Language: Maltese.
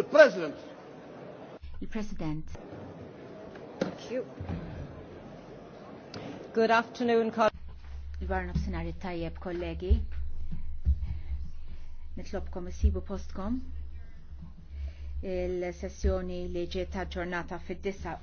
President. The president Good afternoon, colleagues. Dwar nofsinari tajjeb, kollegi. Nitlobkom isibu postkom. Il-sessjoni li ġiet ġurnata fid-disa